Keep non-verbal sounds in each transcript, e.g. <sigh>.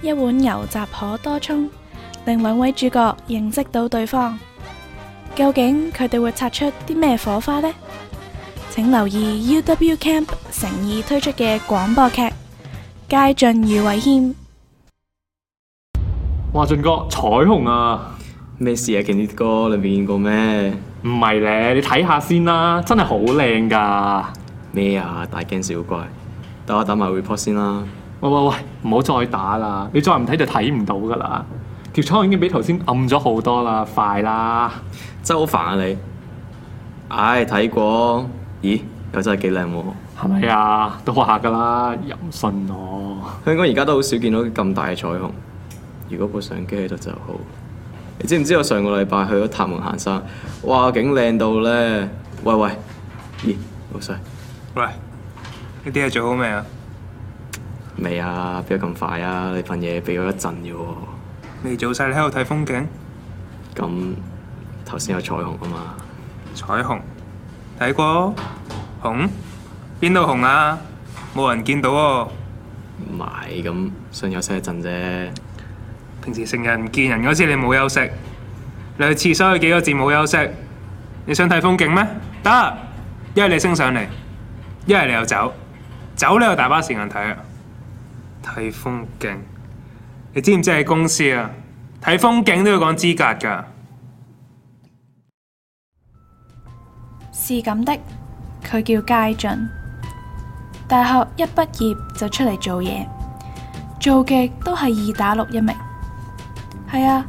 一碗牛雜河多葱，令兩位主角認識到對方。究竟佢哋會擦出啲咩火花呢？請留意 UW Camp 誠意推出嘅廣播劇《佳雋與偉謙》。哇，雋哥，彩虹啊！咩事啊？前啲歌裏邊未見過咩？唔係咧，你睇下先啦，真係好靚噶。咩啊？大驚小怪。等我等埋 report 先啦。喂喂喂，唔好再打啦！你再唔睇就睇唔到噶啦，條窗已經比頭先暗咗好多啦，快啦！真係好煩啊你！唉、哎，睇過？咦，又真係幾靚喎？係咪啊？都話噶啦，又唔信我？香港而家都好少見到咁大嘅彩虹，如果部相機喺度就好。你知唔知我上個禮拜去咗塔門行山？哇，景靚到咧！喂喂，咦，老細。喂，呢啲嘢做好未啊？未啊，邊有咁快啊！你份嘢俾咗一陣嘅喎。未做晒，你喺度睇風景？咁頭先有彩虹啊嘛！彩虹睇過，紅邊度紅啊？冇人見到喎、啊。唔係咁，想休息一陣啫。平時成日唔見人嗰時，你冇休息。你去廁所去幾個字冇休息。你想睇風景咩？得，一係你升上嚟，一係你又走走，你有大把時間睇啊！睇風景，你知唔知喺公司啊？睇風景都要講資格㗎。是咁的，佢叫佳雋，大學一畢業就出嚟做嘢，做嘅都係二打六一名。係啊，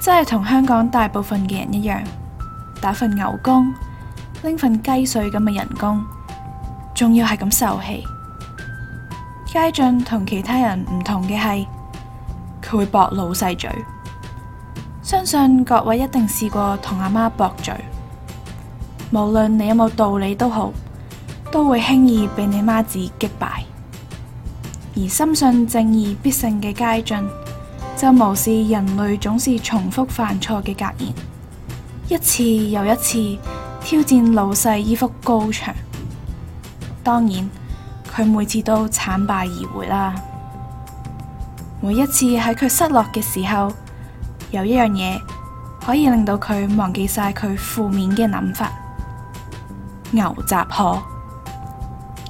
真係同香港大部分嘅人一樣，打份牛工，拎份雞碎咁嘅人工，仲要係咁受氣。佳雋同其他人唔同嘅係，佢會駁老細嘴。相信各位一定試過同阿媽駁嘴，無論你有冇道理都好，都會輕易被你媽子擊敗。而深信正義必勝嘅佳雋，就無視人類總是重複犯錯嘅格言，一次又一次挑戰老細依幅高牆。當然。佢每次都慘敗而回啦。每一次喺佢失落嘅時候，有一樣嘢可以令到佢忘記晒佢負面嘅諗法。牛雜河，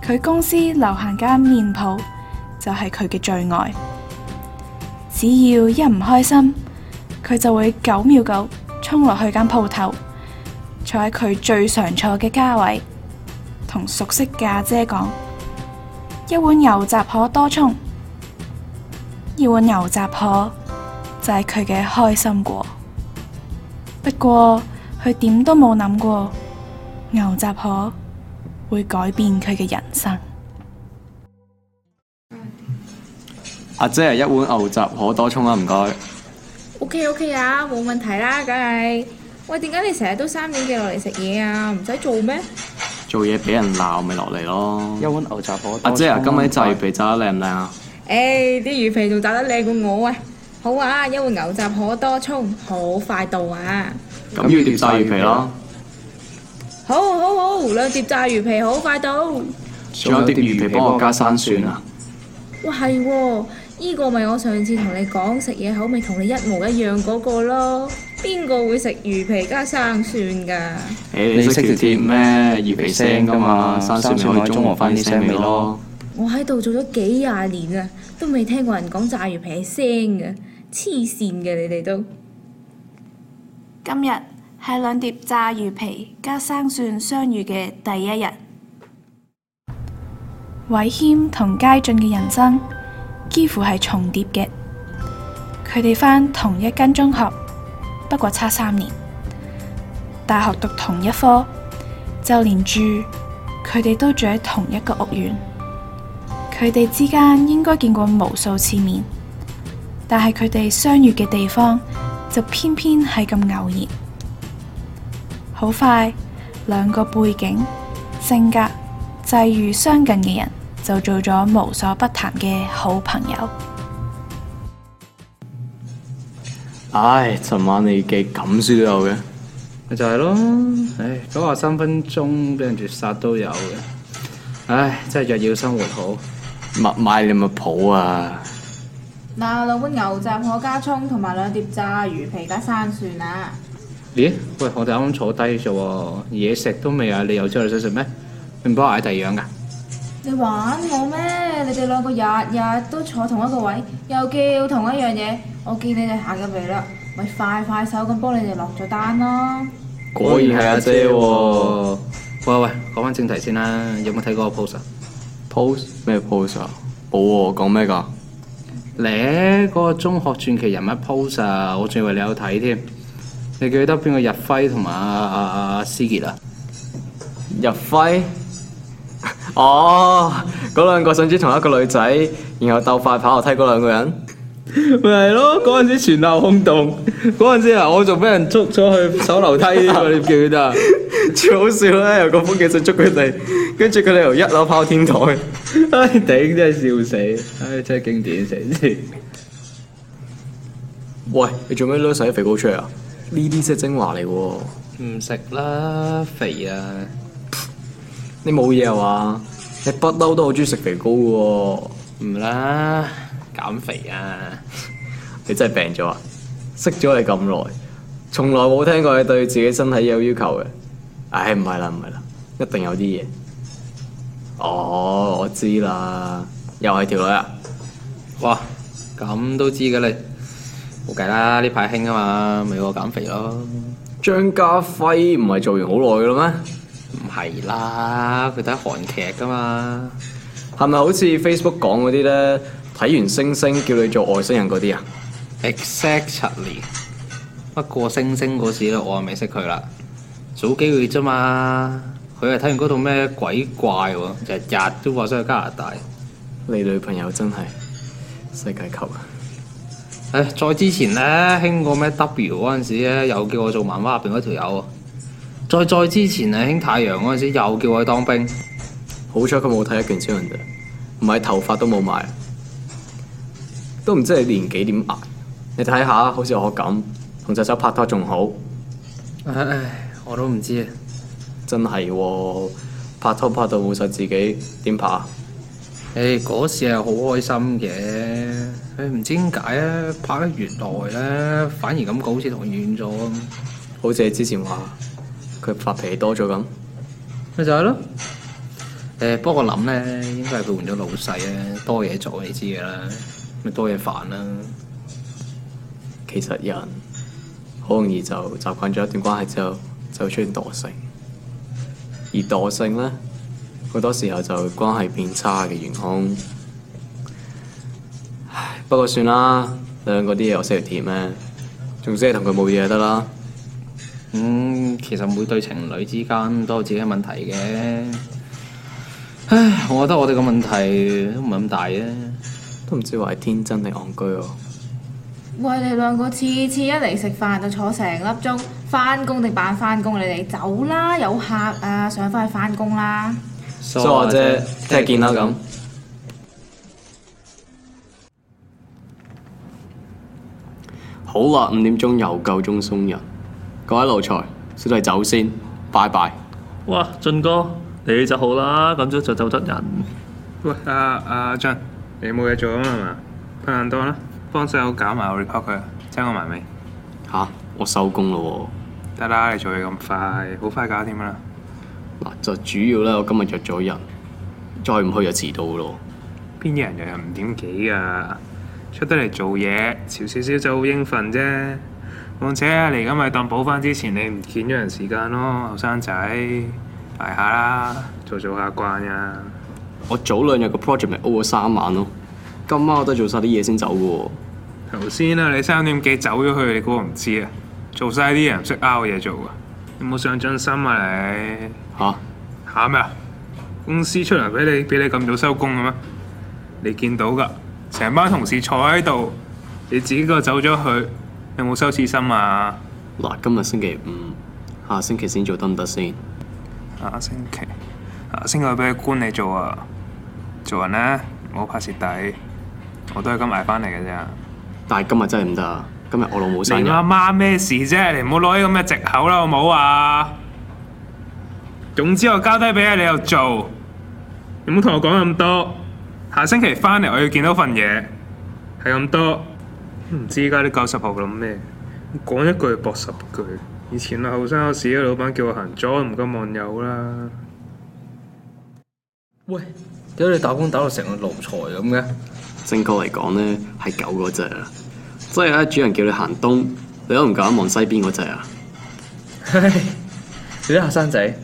佢公司樓下間麵鋪就係佢嘅最愛。只要一唔開心，佢就會九秒九沖落去間鋪頭，坐喺佢最常坐嘅卡位，同熟悉嘅阿姐、姐講。一碗牛雜河多葱，要碗牛雜河就係佢嘅開心果。不過佢點都冇諗過牛雜河會改變佢嘅人生。阿姐啊，一碗牛雜河多葱啊，唔該。OK OK 啊，冇問題啦，梗係。喂，點解你成日都三點幾落嚟食嘢啊？唔使做咩？做嘢俾人鬧咪落嚟咯！一碗牛雜河多葱阿姐啊，姐啊今日啲炸魚皮炸得靚唔靚啊？誒、哎，啲魚皮仲炸得靚過我啊！好啊，一碗牛雜河多葱，好快到啊！咁、嗯、要碟炸魚皮咯？好,好好好，兩碟炸魚皮好快到。仲有啲魚皮幫我加生蒜啊！蒜哇，係喎、哦！呢個咪我上次同你講食嘢口味同你一模一樣嗰個咯，邊個會食魚皮加生蒜噶？哎？你識條鐵咩魚皮腥噶嘛，生蒜咪可以中和翻啲腥味咯。我喺度做咗幾廿年啦，都未聽過人講炸魚皮係腥嘅，黐線嘅你哋都。今日係兩碟炸魚皮加生蒜相遇嘅第一日。偉謙同佳雋嘅人生。幾乎係重疊嘅，佢哋返同一間中學，不過差三年；大學讀同一科，就連住佢哋都住喺同一個屋苑。佢哋之間應該見過無數次面，但係佢哋相遇嘅地方就偏偏係咁偶然。好快，兩個背景、性格、際遇相近嘅人。就做咗無所不談嘅好朋友。唉，尋晚你嘅咁輸都有嘅，咪就係、是、咯。唉，九十三三分鐘俾人絕殺都有嘅。唉，真係若要生活好，物買你咪鋪啊。嗱、嗯，兩碗牛雜可加葱，同埋兩碟炸魚皮加生蒜啊。咦？喂，我哋啱啱坐低咗，嘢食都未啊，你又出去想食咩？你唔幫我嗌第二樣噶？你玩我咩？你哋兩個日日都坐同一個位，又叫同一樣嘢，我見你哋行入嚟啦，咪快快手咁幫你哋落咗單啦。果然係阿姐喎、哦。喂喂，講翻正題先啦，有冇睇嗰個 post？post 咩 post 啊？冇喎、啊，講咩噶？咧、那、嗰個中學傳奇人物 post，、啊、我仲以為你有睇添。你記得邊個日輝同埋阿阿思杰啊？日輝。哦，嗰兩個想追同一個女仔，然後鬥快跑樓梯嗰兩個人，咪係咯？嗰陣時全校轟動，嗰陣時啊，我仲俾人捉咗去走樓梯，你記唔記得啊？最好笑咧！由個風紀捉佢哋，跟住佢哋由一樓跑天台，唉頂真係笑死，唉、哎，真係經典死，死。喂，你做咩撈晒啲肥膏出嚟啊？呢啲係精華嚟喎，唔食啦肥啊！你冇嘢啊嘛？你不嬲都好中意食肥膏嘅喎、哦，唔啦，減肥啊！ <laughs> 你真係病咗啊！識咗你咁耐，從來冇聽過你對自己身體有要求嘅。唉、哎，唔係啦，唔係啦，一定有啲嘢。哦，我知啦，又係條女啊！哇，咁都知嘅啦，冇計啦，呢排興啊嘛，咪我減肥咯。張家輝唔係做完好耐嘅啦咩？唔係啦，佢睇韓劇噶嘛，係咪好似 Facebook 講嗰啲咧？睇完星星叫你做外星人嗰啲啊？Exactly，不過星星嗰時咧，我又未識佢啦，早幾個月咋嘛？佢係睇完嗰套咩鬼怪喎，日日都話想去加拿大。你女朋友真係世界級啊！唉，再之前咧，興過咩 W 嗰陣時咧，又叫我做漫畫入邊嗰條友啊。再再之前啊，興太陽嗰陣時又叫我去當兵，好彩佢冇睇一拳超人咋，唔係頭髮都冇埋，都唔知你年紀點捱。你睇下，好似我咁同隻手拍拖仲好，唉，我都唔知啊。真係喎、哦，拍拖拍到冇晒自己點拍？誒，嗰、哎、時係好開心嘅，唔知點解咧，拍得越耐咧，反而感覺，好似同遠咗咁。好似係之前話。佢發脾氣多咗咁，咪就係咯。誒、呃，不過我諗咧，應該係佢換咗老細咧，多嘢做你知嘅啦，咪多嘢煩啦。其實人好容易就習慣咗一段關係之後，就會出現惰性。而惰性咧，好多時候就關係變差嘅原因。唉，不過算啦，兩個啲嘢我識貼咩，總之係同佢冇嘢就得啦。嗯，其實每對情侶之間都有自己嘅問題嘅。唉，我覺得我哋個問題都唔係咁大嘅，都唔知話係天真定戇居喎。喂，你兩個次次一嚟食飯就坐成粒鐘，翻工定扮翻工？你哋走啦，有客啊，上翻去翻工啦。傻姐，即係見啦咁。好啦，五點鐘又夠鐘鬆人。各位奴才，小弟走先，拜拜。哇，俊哥，你就好啦，咁早就走得人。喂，阿阿俊，啊、John, 你冇嘢做啊嘛？拍硬檔啦，幫細佬搞埋 report 佢，聽我埋未？吓、啊，我收工咯喎。得啦，你做嘢咁快，好快搞掂啦。嗱、啊，就主要啦，我今日約咗人，再唔去就遲到咯。邊啲人日日五點幾啊？出得嚟做嘢，遲少少就好應份啫。況且而家咪當補翻之前，你唔見咗人時間咯，後生仔，捱下啦，做做下慣呀。我早兩日個 project 咪 over 三晚咯，今晚我都做晒啲嘢先走噶。哦。頭先啊，你三點幾走咗去，你估我唔知啊？做晒啲嘢唔識拗嘢做啊？有冇上進心啊你？吓吓咩啊？啊？公司出嚟俾你俾你咁早收工嘅咩？你見到噶，成班同事坐喺度，你自己個走咗去。有冇羞恥心啊？嗱，今日星期五，下星期先做得唔得先？行行下星期，下星期俾個官你做啊！做人呢，我怕蝕底，我都係今日翻嚟嘅啫。但係今日真係唔得，今日我老母生日你媽媽、啊。你阿媽咩事啫？你唔好攞呢啲咁嘅借口啦，好唔好啊？總之我交低俾你你又做，你唔好同我講咁多。下星期翻嚟我要見到份嘢，係咁多。唔知依家啲九十後諗咩？講一句博十句。以前啊，後生有時啊，老闆叫我行左，唔敢望右啦。喂，點解你打工打到成個奴才咁嘅？正確嚟講咧，係狗嗰隻啦。即係咧，主人叫你行東，你都唔敢望西邊嗰隻啊。嘿， <laughs> 啲、即係、後生仔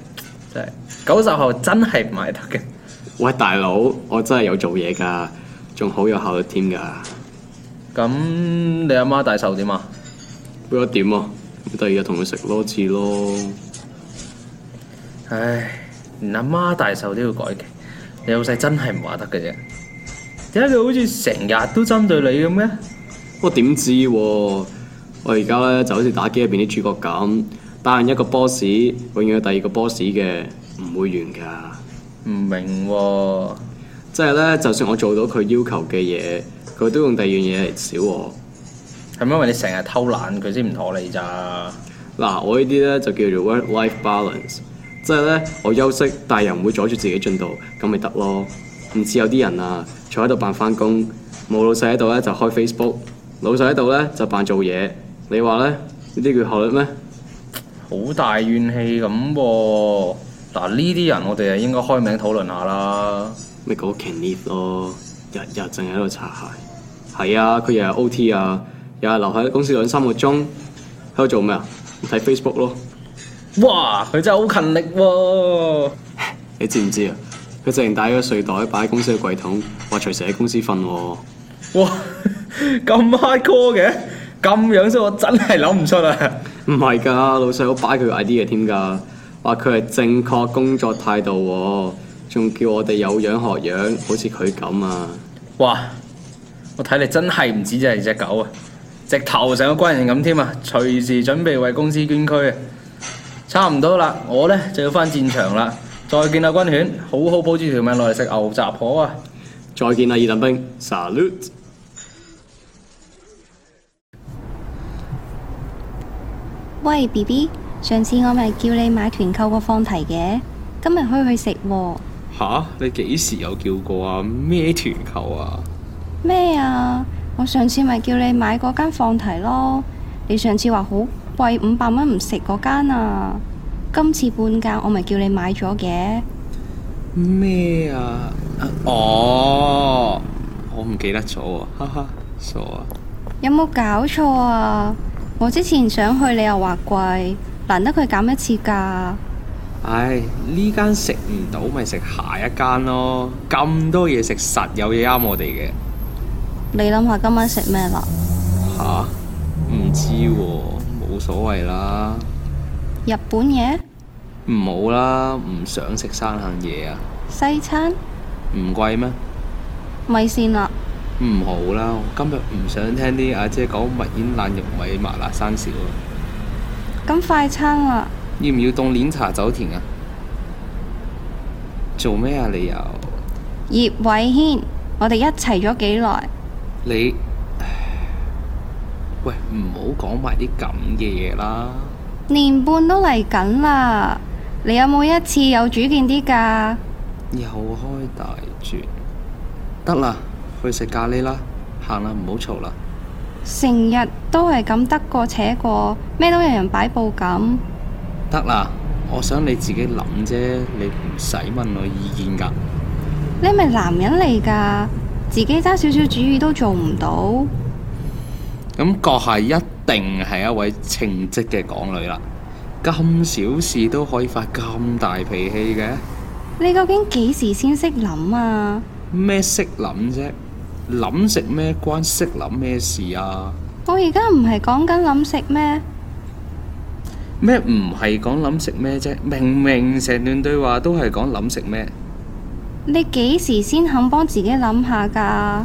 真係九十後真係唔係得嘅。喂，大佬，我真係有做嘢噶，仲好有效率添噶。咁你阿媽大壽點啊？不過點啊？我第二日同佢食多次咯。唉，連阿媽大壽都要改期，你老細真係唔話得嘅啫。點解佢好似成日都針對你咁嘅，啊？我點知？我而家咧就好似打機入邊啲主角咁，打完一個 boss，永遠有第二個 boss 嘅，唔會完噶。唔明，啊？即係咧，就算我做到佢要求嘅嘢，佢都用第二樣嘢嚟少我。係因為你成日偷懶，佢先唔妥你咋？嗱，我呢啲咧就叫做 work-life balance，即係咧我休息，但又唔會阻住自己進度，咁咪得咯。唔似有啲人啊，坐喺度扮翻工，冇老細喺度咧就開 Facebook，老細喺度咧就扮做嘢。你話咧呢啲叫效率咩？好大怨氣咁噃、啊！嗱，呢啲人我哋係應該開名討論下啦。咪嗰勤力咯，日日淨喺度擦鞋。係啊，佢又係 O T 啊，又係留喺公司兩三個鐘，喺度做咩啊？睇 Facebook 咯。哇，佢真係好勤力喎！你知唔知啊？佢竟然帶咗個睡袋擺喺公司嘅櫃桶，話隨時喺公司瞓。哇，咁 hardcore 嘅，咁樣式我真係諗唔出啊！唔係噶，老細好擺佢 idea 添噶，話佢係正確工作態度喎。仲叫我哋有樣學樣，好似佢咁啊！哇！我睇嚟真係唔止就係隻狗啊，直頭成個軍人咁添啊！隨時準備為公司捐軀啊！差唔多啦，我呢，就要返戰場啦！再見啊，軍犬，好好保住條命落嚟食牛雜婆啊！再見啊，二林兵 s 喂，B B，上次我咪叫你買團購個放題嘅，今日可以去食喎，啊。吓！你幾時有叫過啊？咩團購啊？咩啊？我上次咪叫你買嗰間放題咯。你上次話好貴，五百蚊唔食嗰間啊。今次半價我咪叫你買咗嘅。咩啊？啊，哦，我唔記得咗喎，哈哈，傻啊！有冇搞錯啊？我之前想去，你又話貴，難得佢減一次價。唉，呢間食唔到，咪食下一間咯。咁多嘢食，實有嘢啱我哋嘅。你諗下今晚食咩、啊啊、啦？吓，唔知喎，冇所謂啦。日本嘢？唔好啦，唔想生冷食生冷嘢啊。西餐？唔貴咩？米線啦？唔好啦，我今日唔想聽啲阿姐講物醃爛肉米,蘭蘭米麻辣生笑、啊。咁快餐啊？要唔要凍檸茶走甜啊？做咩啊？你又葉偉謙，我哋一齊咗幾耐？你喂，唔好講埋啲咁嘅嘢啦。年半都嚟緊啦，你有冇一次有主見啲噶？又開大轉，得啦，去食咖喱啦，行啦，唔好嘈啦。成日都係咁得過且過，咩都有人擺布咁。得啦，我想你自己諗啫，你唔使問我意見噶。你係咪男人嚟噶自己揸少少主意都做唔到。咁閣下一定係一位稱職嘅港女啦，咁小事都可以發咁大脾氣嘅。你究竟幾時先識諗啊？咩識諗啫？諗食咩關識諗咩事啊？我而家唔係講緊諗食咩。咩唔係講諗食咩啫？明明成段對話都係講諗食咩？你幾時先肯幫自己諗下噶？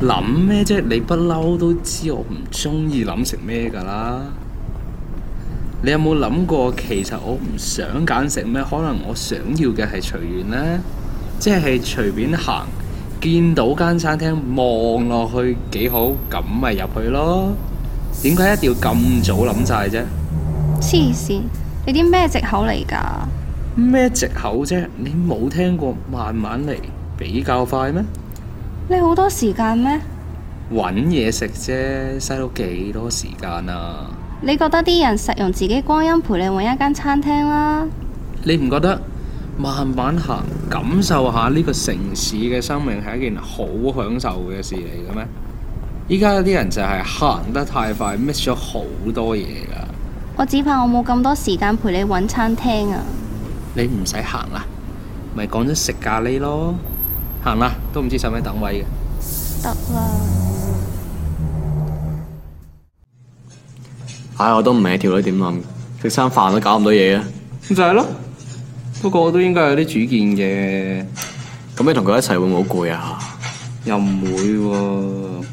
諗咩啫？你不嬲都知我唔中意諗食咩噶啦。你有冇諗過？其實我唔想揀食咩，可能我想要嘅係隨緣呢，即係隨便行，見到間餐廳望落去幾好，咁咪入去咯。點解一定要咁早諗晒啫？黐線，你啲咩藉口嚟噶？咩藉口啫？你冇聽過慢慢嚟比較快咩？你好多時間咩？搵嘢食啫，嘥到幾多時間啊？你覺得啲人實用自己光陰陪你搵一間餐廳啦、啊？你唔覺得慢慢行感受下呢個城市嘅生命係一件好享受嘅事嚟嘅咩？依家啲人就係行得太快，miss 咗好多嘢噶。我只怕我冇咁多時間陪你揾餐廳啊！你唔使行啦，咪講咗食咖喱咯，行啦，啊、都唔知使咩等位嘅。得啦，啊，唉，哎，我都唔明你條女點諗，食餐飯都搞咁多嘢啊，咁就係咯，不過我都應該有啲主見嘅。咁你同佢一齊會唔會好攰啊？又唔會喎，啊。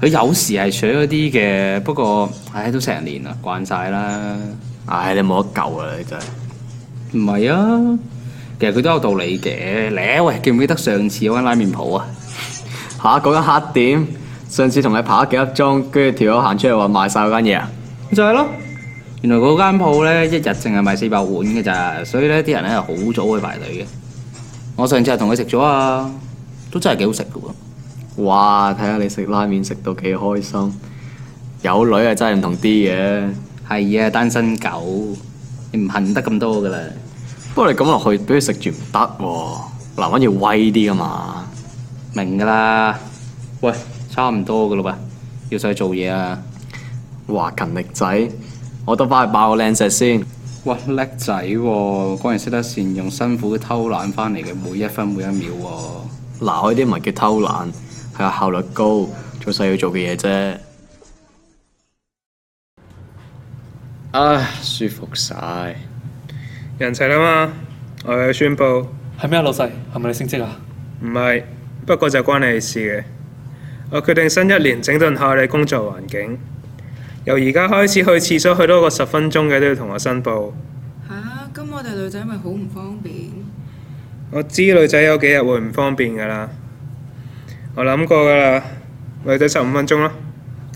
佢有時係選咗啲嘅，不過，唉，都成年啦，慣晒啦。唉，你冇得救啊！你真係唔係啊？其實佢都有道理嘅。嚟啊！喂，記唔記得上次嗰間拉麵鋪啊？嚇、啊，嗰間黑店。上次同你排咗幾粒鐘，跟住條友行出嚟話賣晒嗰間嘢啊？就係咯。原來嗰間鋪咧，一日淨係賣四百碗嘅咋，所以咧啲人咧好早去排隊嘅。我上次係同佢食咗啊，都真係幾好食嘅喎。哇！睇下你食拉麵食到幾開心，有女啊，真係唔同啲嘅。係啊，單身狗，你唔恨得咁多噶啦。不過你咁落去俾佢食住唔得喎，男人、啊啊、要威啲噶嘛。明噶啦，喂，差唔多噶啦喂，要使做嘢啊！哇，勤力仔，我都翻去爆個靚石先。哇，叻仔喎，果然識得善用辛苦偷懶翻嚟嘅每一分每一秒喎、啊。嗱、啊，嗰啲唔係叫偷懶。佢效率高，做細要做嘅嘢啫。唉，舒服晒，人齊啦嘛。我要宣布。係咩啊，老細？係咪你升職啊？唔係，不過就關你事嘅。我決定新一年整頓下你工作環境，由而家開始去廁所去多過十分鐘嘅都要同我申報。吓、啊，咁我哋女仔咪好唔方便？我知女仔有幾日會唔方便㗎喇。我諗過噶啦，咪等十五分鐘咯。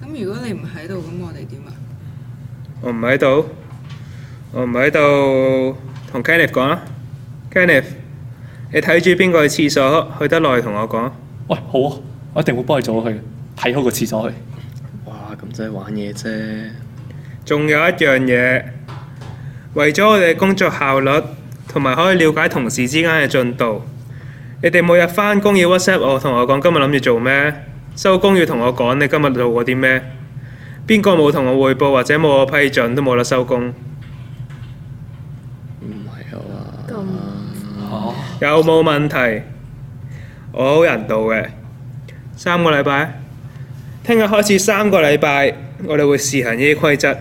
咁如果你唔喺度，咁我哋點啊？我唔喺度，我唔喺度，同 Kenneth 講啦。Kenneth，你睇住邊個去廁所？去得耐同我講。喂，好啊，我一定會幫你做去的，睇好個廁所去。哇，咁真係玩嘢啫。仲有一樣嘢，為咗我哋工作效率，同埋可以了解同事之間嘅進度。你哋每日返工要 whatsapp 我，我，同我講今日諗住做咩？收工要同我講你今日做過啲咩？邊個冇同我匯報或者冇我批准都冇得收工。唔係啊嘛，咁吓有冇問題？我好人道嘅，三個禮拜，聽日開始三個禮拜我哋會試行呢啲規則。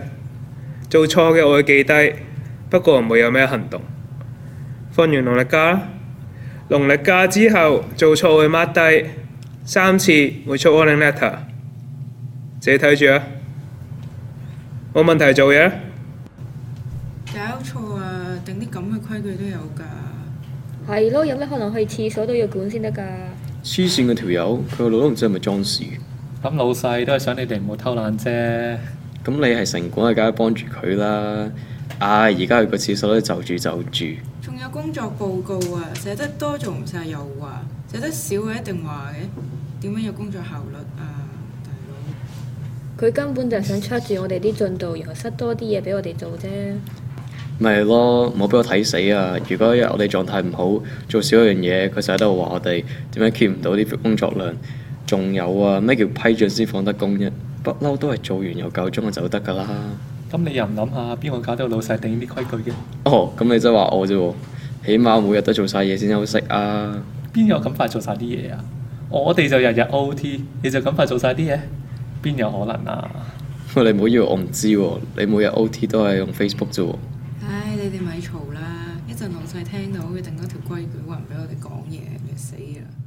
做錯嘅我會記低，不過唔會有咩行動。訓完努力加。農動架之後做錯會抹低三次，會出 warning letter，自己睇住啊，冇問題做嘢。搞錯啊，定啲咁嘅規矩都有噶。係咯，有咩可能去廁所都要管先得噶？黐線嗰條友，佢個腦都唔知係咪裝屎？咁老細都係想你哋唔好偷懶啫。咁你係城管，梗係幫住佢啦。唉、啊，而家去個廁所咧，就住就住。工作報告啊，寫得多做唔晒又話，寫得少佢一定話嘅。點樣有工作效率啊，大佬？佢根本就係想 check 住我哋啲進度，然後塞多啲嘢俾我哋做啫。咪係咯，冇俾我睇死啊！如果一日我哋狀態唔好，做少一樣嘢，佢成日都話我哋點樣 keep 唔到啲工作量。仲有啊，咩叫批准先放得工啫？不嬲都係做完有夠鐘就走得㗎啦。咁你又唔諗下邊個搞到老細定啲規矩嘅？哦，咁你真係話我啫喎。起碼每日都做晒嘢先休息啊！邊有咁快做晒啲嘢啊？我哋就日日 O T，你就咁快做晒啲嘢？邊有可能啊？喂，你唔好以為我唔知喎、啊，你每日 O T 都係用 Facebook 啫，唉、啊哎，你哋咪嘈啦！一陣老細聽到佢定咗條規矩話唔俾我哋講嘢，你死啦！